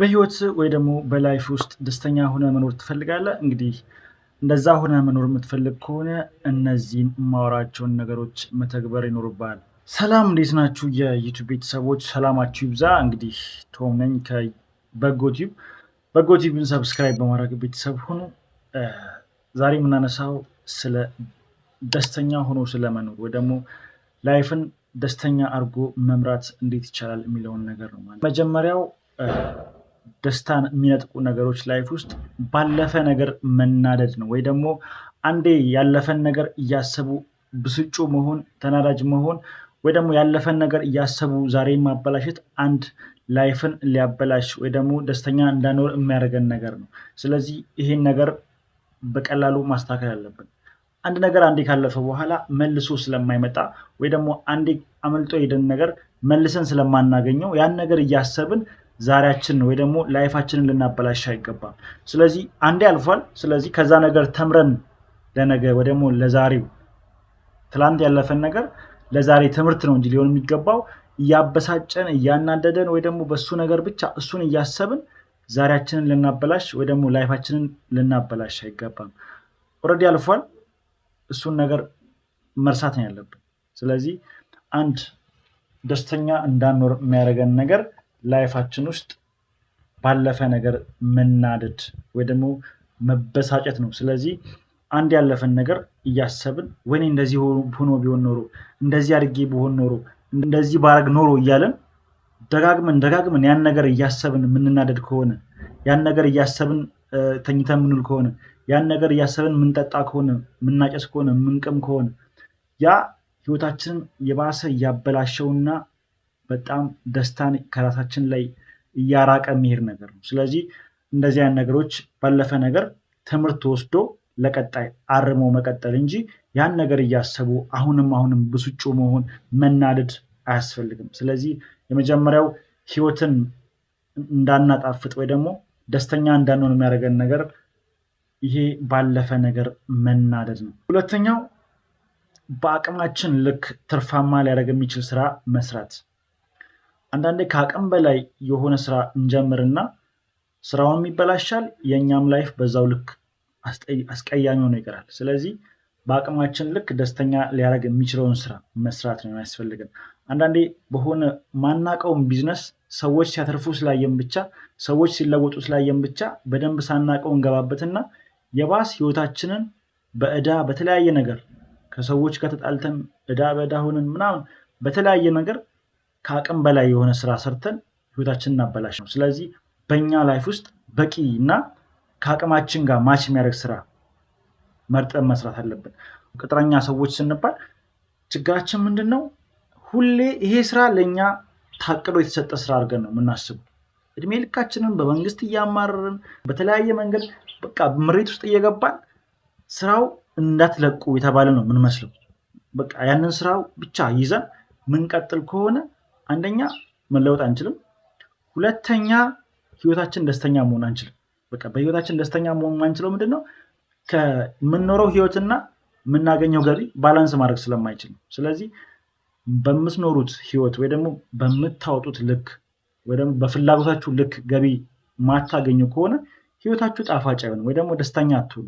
በህይወት ወይ ደግሞ በላይፍ ውስጥ ደስተኛ ሆነ መኖር ትፈልጋለህ? እንግዲህ እንደዛ ሆነ መኖር የምትፈልግ ከሆነ እነዚህን ማወራቸውን ነገሮች መተግበር ይኖርባል። ሰላም እንዴት ናችሁ የዩቱብ ቤተሰቦች ሰላማችሁ ይብዛ እንግዲህ ቶም ነኝ ከበጎ ቲዩብ ሰብስክራይብ በማድረግ ቤተሰብ ሁኑ። ዛሬ የምናነሳው ስለ ደስተኛ ሆኖ ስለመኖር ወይ ደግሞ ላይፍን ደስተኛ አድርጎ መምራት እንዴት ይቻላል የሚለውን ነገር ነው። መጀመሪያው ደስታን የሚነጥቁ ነገሮች ላይፍ ውስጥ ባለፈ ነገር መናደድ ነው ወይ ደግሞ አንዴ ያለፈን ነገር እያሰቡ ብስጩ መሆን ተናዳጅ መሆን ወይ ደግሞ ያለፈን ነገር እያሰቡ ዛሬ ማበላሸት አንድ ላይፍን ሊያበላሽ ወይ ደግሞ ደስተኛ እንዳኖር የሚያደርገን ነገር ነው። ስለዚህ ይሄን ነገር በቀላሉ ማስተካከል አለብን። አንድ ነገር አንዴ ካለፈ በኋላ መልሶ ስለማይመጣ ወይ ደግሞ አንዴ አመልጦ የሄደን ነገር መልሰን ስለማናገኘው ያን ነገር እያሰብን ዛሬያችንን ወይ ደግሞ ላይፋችንን ልናበላሽ አይገባም። ስለዚህ አንዴ አልፏል። ስለዚህ ከዛ ነገር ተምረን ለነገ ወይ ደግሞ ለዛሬው ትላንት ያለፈን ነገር ለዛሬ ትምህርት ነው እንጂ ሊሆን የሚገባው እያበሳጨን እያናደደን ወይ ደግሞ በእሱ ነገር ብቻ እሱን እያሰብን ዛሬያችንን ልናበላሽ ወይ ደግሞ ላይፋችንን ልናበላሽ አይገባም። ኦልሬዲ አልፏል። እሱን ነገር መርሳት ነው ያለብን። ስለዚህ አንድ ደስተኛ እንዳንኖር የሚያደርገን ነገር ላይፋችን ውስጥ ባለፈ ነገር መናደድ ወይ ደግሞ መበሳጨት ነው። ስለዚህ አንድ ያለፈን ነገር እያሰብን ወይኔ እንደዚህ ሆኖ ቢሆን ኖሮ፣ እንደዚህ አድጌ ቢሆን ኖሮ፣ እንደዚህ ባረግ ኖሮ እያለን ደጋግመን ደጋግመን ያን ነገር እያሰብን የምንናደድ ከሆነ ያን ነገር እያሰብን ተኝተ ምንል ከሆነ ያን ነገር እያሰብን የምንጠጣ ከሆነ የምናጨስ ከሆነ የምንቅም ከሆነ ያ ህይወታችንን የባሰ እያበላሸውና በጣም ደስታን ከራሳችን ላይ እያራቀ የሚሄድ ነገር ነው። ስለዚህ እንደዚህ አይነት ነገሮች ባለፈ ነገር ትምህርት ወስዶ ለቀጣይ አርሞ መቀጠል እንጂ ያን ነገር እያሰቡ አሁንም አሁንም ብስጩ መሆን መናደድ አያስፈልግም። ስለዚህ የመጀመሪያው ህይወትን እንዳናጣፍጥ ወይ ደግሞ ደስተኛ እንዳንሆን የሚያደርገን ነገር ይሄ ባለፈ ነገር መናደድ ነው። ሁለተኛው በአቅማችን ልክ ትርፋማ ሊያደርግ የሚችል ስራ መስራት አንዳንዴ ከአቅም በላይ የሆነ ስራ እንጀምርና ስራውም ይበላሻል የእኛም ላይፍ በዛው ልክ አስቀያሚ ሆኖ ይቀራል። ስለዚህ በአቅማችን ልክ ደስተኛ ሊያደርግ የሚችለውን ስራ መስራት ነው የሚያስፈልገን። አንዳንዴ በሆነ ማናቀውን ቢዝነስ ሰዎች ሲያተርፉ ስላየን ብቻ ሰዎች ሲለወጡ ስላየን ብቻ በደንብ ሳናቀው እንገባበትና የባስ ህይወታችንን በዕዳ በተለያየ ነገር ከሰዎች ጋር ተጣልተን ዕዳ በዕዳ ሆነን ምናምን በተለያየ ነገር ከአቅም በላይ የሆነ ስራ ሰርተን ህይወታችንን እናበላሽ ነው። ስለዚህ በእኛ ላይፍ ውስጥ በቂ እና ከአቅማችን ጋር ማች የሚያደርግ ስራ መርጠን መስራት አለብን። ቅጥረኛ ሰዎች ስንባል ችግራችን ምንድን ነው? ሁሌ ይሄ ስራ ለእኛ ታቅዶ የተሰጠ ስራ አድርገን ነው የምናስበው። እድሜ ልካችንን በመንግስት እያማረርን በተለያየ መንገድ በቃ ምሬት ውስጥ እየገባን ስራው እንዳትለቁ የተባለ ነው ምንመስለው። በቃ ያንን ስራው ብቻ ይዘን ምንቀጥል ከሆነ አንደኛ መለወጥ አንችልም። ሁለተኛ ህይወታችን ደስተኛ መሆን አንችልም። በቃ በህይወታችን ደስተኛ መሆን ማንችለው ምንድን ነው ከምንኖረው ህይወትና የምናገኘው ገቢ ባላንስ ማድረግ ስለማይችል ነው። ስለዚህ በምትኖሩት ህይወት ወይ ደግሞ በምታወጡት ልክ ወይ ደግሞ በፍላጎታችሁ ልክ ገቢ ማታገኙ ከሆነ ህይወታችሁ ጣፋጭ አይሆንም ወይ ደግሞ ደስተኛ አትሆኑ።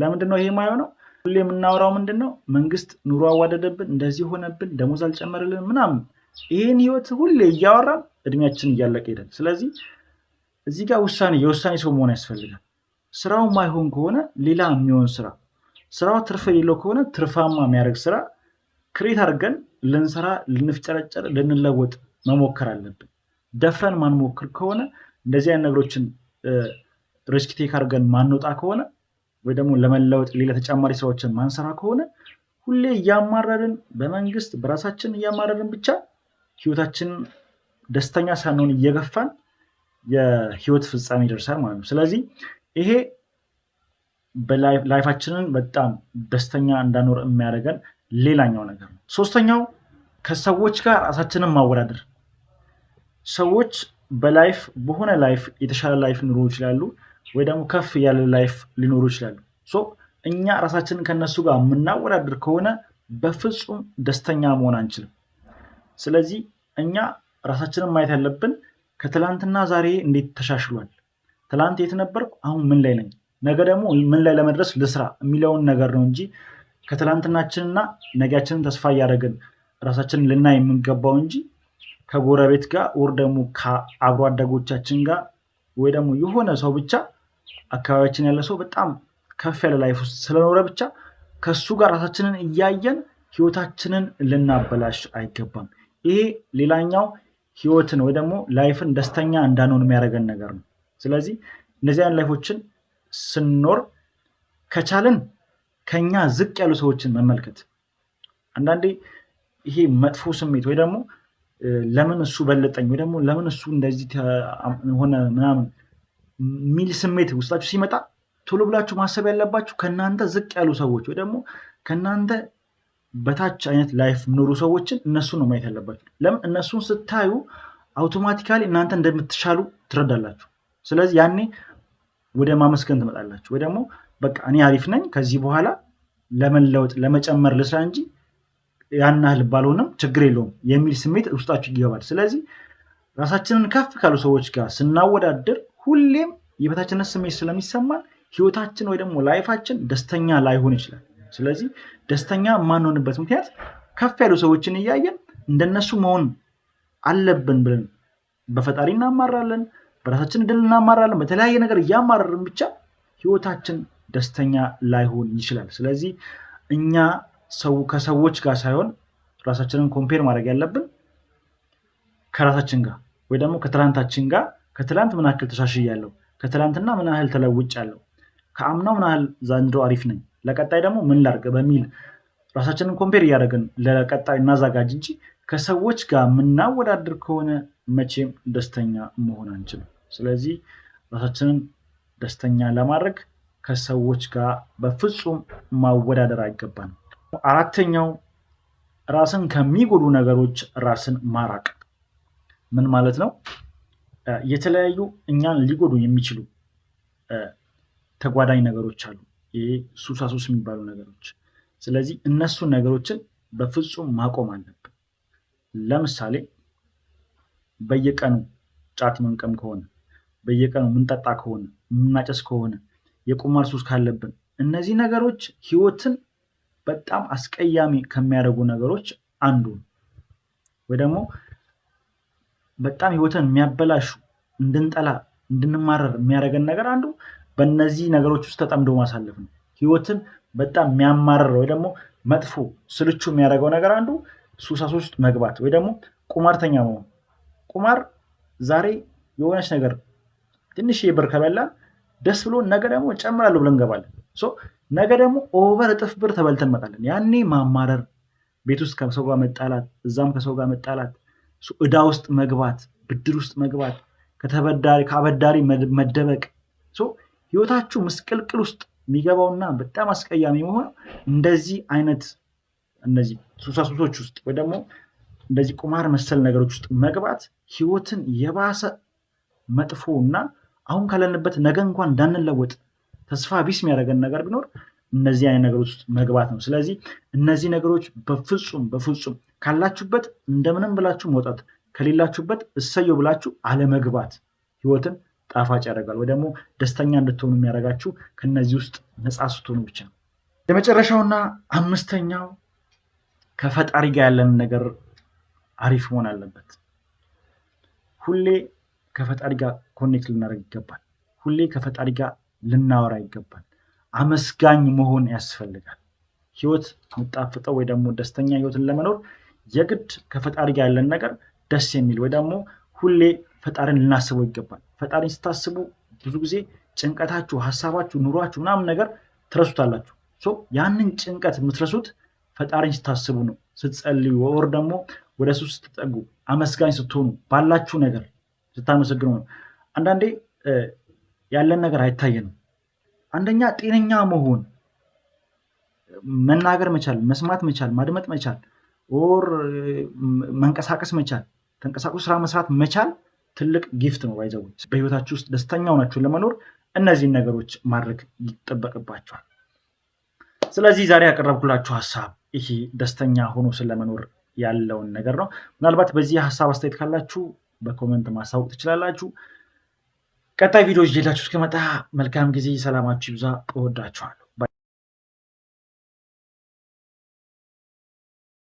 ለምንድን ነው ይሄ የማይሆነው? ሁሌ የምናወራው ምንድን ነው መንግስት ኑሮ አዋደደብን፣ እንደዚህ ሆነብን፣ ደሞዝ አልጨመርልን ምናምን ይህን ህይወት ሁሌ እያወራን እድሜያችን እያለቀ ሄደን። ስለዚህ እዚህ ጋር ውሳኔ የውሳኔ ሰው መሆን ያስፈልጋል። ስራው ማይሆን ከሆነ ሌላ የሚሆን ስራ፣ ስራው ትርፍ የሌለው ከሆነ ትርፋማ የሚያደርግ ስራ ክሬት አድርገን ልንሰራ፣ ልንፍጨረጨር፣ ልንለወጥ መሞከር አለብን። ደፍረን ማንሞክር ከሆነ እንደዚህ አይነት ነገሮችን ሪስክ ቴክ አድርገን ማንወጣ ከሆነ ወይ ደግሞ ለመለወጥ ሌላ ተጨማሪ ስራዎችን ማንሰራ ከሆነ ሁሌ እያማረርን በመንግስት በራሳችን እያማረርን ብቻ ህይወታችን ደስተኛ ሳንሆን እየገፋን የህይወት ፍጻሜ ይደርሳል ማለት ነው። ስለዚህ ይሄ ላይፋችንን በጣም ደስተኛ እንዳኖር የሚያደርገን ሌላኛው ነገር ነው። ሶስተኛው ከሰዎች ጋር ራሳችንን ማወዳደር። ሰዎች በላይፍ በሆነ ላይፍ የተሻለ ላይፍ ኑሮ ይችላሉ፣ ወይ ደግሞ ከፍ ያለ ላይፍ ሊኖሩ ይችላሉ። እኛ ራሳችንን ከነሱ ጋር የምናወዳደር ከሆነ በፍጹም ደስተኛ መሆን አንችልም። ስለዚህ እኛ ራሳችንን ማየት ያለብን ከትላንትና ዛሬ እንዴት ተሻሽሏል፣ ትላንት የት ነበርኩ፣ አሁን ምን ላይ ነኝ፣ ነገ ደግሞ ምን ላይ ለመድረስ ልስራ የሚለውን ነገር ነው እንጂ ከትላንትናችንና ነጊያችንን ተስፋ እያደረግን ራሳችንን ልናይ የምንገባው እንጂ ከጎረቤት ጋር ወር ደግሞ ከአብሮ አደጎቻችን ጋር ወይ ደግሞ የሆነ ሰው ብቻ አካባቢያችን ያለ ሰው በጣም ከፍ ያለ ላይፍ ውስጥ ስለኖረ ብቻ ከሱ ጋር ራሳችንን እያየን ህይወታችንን ልናበላሽ አይገባም። ይሄ ሌላኛው ህይወትን ወይ ደግሞ ላይፍን ደስተኛ እንዳንሆን የሚያደርገን ነገር ነው። ስለዚህ እነዚያን ላይፎችን ስንኖር ከቻልን ከኛ ዝቅ ያሉ ሰዎችን መመልከት አንዳንዴ ይሄ መጥፎ ስሜት ወይ ደግሞ ለምን እሱ በለጠኝ ወይ ደግሞ ለምን እሱ እንደዚህ ሆነ ምናምን ሚል ስሜት ውስጣችሁ ሲመጣ ቶሎ ብላችሁ ማሰብ ያለባችሁ ከእናንተ ዝቅ ያሉ ሰዎች ወይ ደግሞ ከእናንተ በታች አይነት ላይፍ ኑሩ ሰዎችን እነሱን ነው ማየት ያለባቸው። ለምን እነሱን ስታዩ አውቶማቲካሊ እናንተ እንደምትሻሉ ትረዳላችሁ። ስለዚህ ያኔ ወደ ማመስገን ትመጣላችሁ። ወይ ደግሞ በቃ እኔ አሪፍ ነኝ፣ ከዚህ በኋላ ለመለወጥ ለመጨመር ልስራ እንጂ ያን ያህል ችግር የለውም የሚል ስሜት ውስጣችሁ ይገባል። ስለዚህ ራሳችንን ከፍ ካሉ ሰዎች ጋር ስናወዳደር ሁሌም የበታችነት ስሜት ስለሚሰማን ህይወታችን ወይ ደግሞ ላይፋችን ደስተኛ ላይሆን ይችላል። ስለዚህ ደስተኛ የማንሆንበት ምክንያት ከፍ ያሉ ሰዎችን እያየን እንደነሱ መሆን አለብን ብለን በፈጣሪ እናማራለን፣ በራሳችን ድል እናማራለን። በተለያየ ነገር እያማረርን ብቻ ህይወታችን ደስተኛ ላይሆን ይችላል። ስለዚህ እኛ ሰው ከሰዎች ጋር ሳይሆን ራሳችንን ኮምፔር ማድረግ ያለብን ከራሳችን ጋር ወይ ደግሞ ከትላንታችን ጋር ከትላንት ምን ያህል ተሻሽያለሁ፣ ከትላንትና ምን ያህል ያለው ከአምናው ምን ያህል ዘንድሮ አሪፍ ነኝ ለቀጣይ ደግሞ ምን ላድርግ በሚል ራሳችንን ኮምፔር እያደረግን ለቀጣይ እናዘጋጅ እንጂ ከሰዎች ጋር የምናወዳድር ከሆነ መቼም ደስተኛ መሆን አንችልም። ስለዚህ ራሳችንን ደስተኛ ለማድረግ ከሰዎች ጋር በፍጹም ማወዳደር አይገባን አራተኛው ራስን ከሚጎዱ ነገሮች ራስን ማራቅ። ምን ማለት ነው? የተለያዩ እኛን ሊጎዱ የሚችሉ ተጓዳኝ ነገሮች አሉ። ይሄ ሱሳሱስ የሚባሉ ነገሮች። ስለዚህ እነሱን ነገሮችን በፍጹም ማቆም አለብን። ለምሳሌ በየቀኑ ጫት መንቀም ከሆነ በየቀኑ ምንጠጣ ከሆነ ምናጨስ ከሆነ የቁማር ሱስ ካለብን እነዚህ ነገሮች ህይወትን በጣም አስቀያሚ ከሚያደርጉ ነገሮች አንዱ ነው። ወይ ደግሞ በጣም ህይወትን የሚያበላሹ እንድንጠላ እንድንማረር የሚያደርገን ነገር አንዱ በእነዚህ ነገሮች ውስጥ ተጠምዶ ማሳለፍ ነው። ህይወትን በጣም የሚያማርር ወይ ደግሞ መጥፎ ስልቹ የሚያደርገው ነገር አንዱ ሱሳስ ውስጥ መግባት ወይ ደግሞ ቁማርተኛ መሆን። ቁማር ዛሬ የሆነች ነገር ትንሽ ብር ከበላን ደስ ብሎ ነገ ደግሞ ጨምራለሁ ብለን እንገባለን። ነገ ደግሞ ኦቨር እጥፍ ብር ተበልተን እንመጣለን። ያኔ ማማረር፣ ቤት ውስጥ ከሰው ጋር መጣላት፣ እዛም ከሰው ጋር መጣላት፣ እዳ ውስጥ መግባት፣ ብድር ውስጥ መግባት፣ ከአበዳሪ መደበቅ ህይወታችሁ ምስቅልቅል ውስጥ የሚገባውና በጣም አስቀያሚ መሆን እንደዚህ አይነት እነዚህ ሱሳሱሶች ውስጥ ወይ ደግሞ እንደዚህ ቁማር መሰል ነገሮች ውስጥ መግባት ህይወትን የባሰ መጥፎ እና አሁን ካለንበት ነገ እንኳን እንዳንለወጥ ተስፋ ቢስ የሚያደርገን ነገር ቢኖር እነዚህ አይነት ነገሮች ውስጥ መግባት ነው። ስለዚህ እነዚህ ነገሮች በፍጹም በፍጹም ካላችሁበት እንደምንም ብላችሁ መውጣት ከሌላችሁበት እሰየው ብላችሁ አለመግባት ህይወትን ጣፋጭ ያደርጋል ወይ ደግሞ ደስተኛ እንድትሆኑ የሚያደርጋችሁ ከነዚህ ውስጥ ነፃ ስትሆኑ ብቻ ነው። የመጨረሻውና አምስተኛው ከፈጣሪ ጋር ያለን ነገር አሪፍ መሆን አለበት። ሁሌ ከፈጣሪ ጋር ኮኔክት ልናደርግ ይገባል። ሁሌ ከፈጣሪ ጋር ልናወራ ይገባል። አመስጋኝ መሆን ያስፈልጋል። ህይወት የምጣፍጠው ወይ ደግሞ ደስተኛ ህይወትን ለመኖር የግድ ከፈጣሪ ጋር ያለን ነገር ደስ የሚል ወይ ደግሞ ሁሌ ፈጣሪን ልናስበው ይገባል። ፈጣሪን ስታስቡ ብዙ ጊዜ ጭንቀታችሁ፣ ሀሳባችሁ፣ ኑሯችሁ ምናምን ነገር ትረሱታላችሁ። ያንን ጭንቀት የምትረሱት ፈጣሪን ስታስቡ ነው፣ ስትጸልዩ፣ ወር ደግሞ ወደ እሱ ስትጠጉ፣ አመስጋኝ ስትሆኑ፣ ባላችሁ ነገር ስታመሰግኑ ነው። አንዳንዴ ያለን ነገር አይታየንም። አንደኛ ጤነኛ መሆን መናገር መቻል፣ መስማት መቻል፣ ማድመጥ መቻል፣ ወር መንቀሳቀስ መቻል፣ ተንቀሳቀሱ ስራ መስራት መቻል ትልቅ ጊፍት ነው። ባይዘው በህይወታችሁ ውስጥ ደስተኛ ሆናችሁ ለመኖር እነዚህን ነገሮች ማድረግ ይጠበቅባችኋል። ስለዚህ ዛሬ ያቀረብኩላችሁ ሀሳብ ይሄ ደስተኛ ሆኖ ስለመኖር ያለውን ነገር ነው። ምናልባት በዚህ ሀሳብ አስተያየት ካላችሁ በኮመንት ማሳወቅ ትችላላችሁ። ቀጣይ ቪዲዮ ሌላችሁ እስከመጣ መልካም ጊዜ፣ ሰላማችሁ ይብዛ። እወዳችኋለሁ።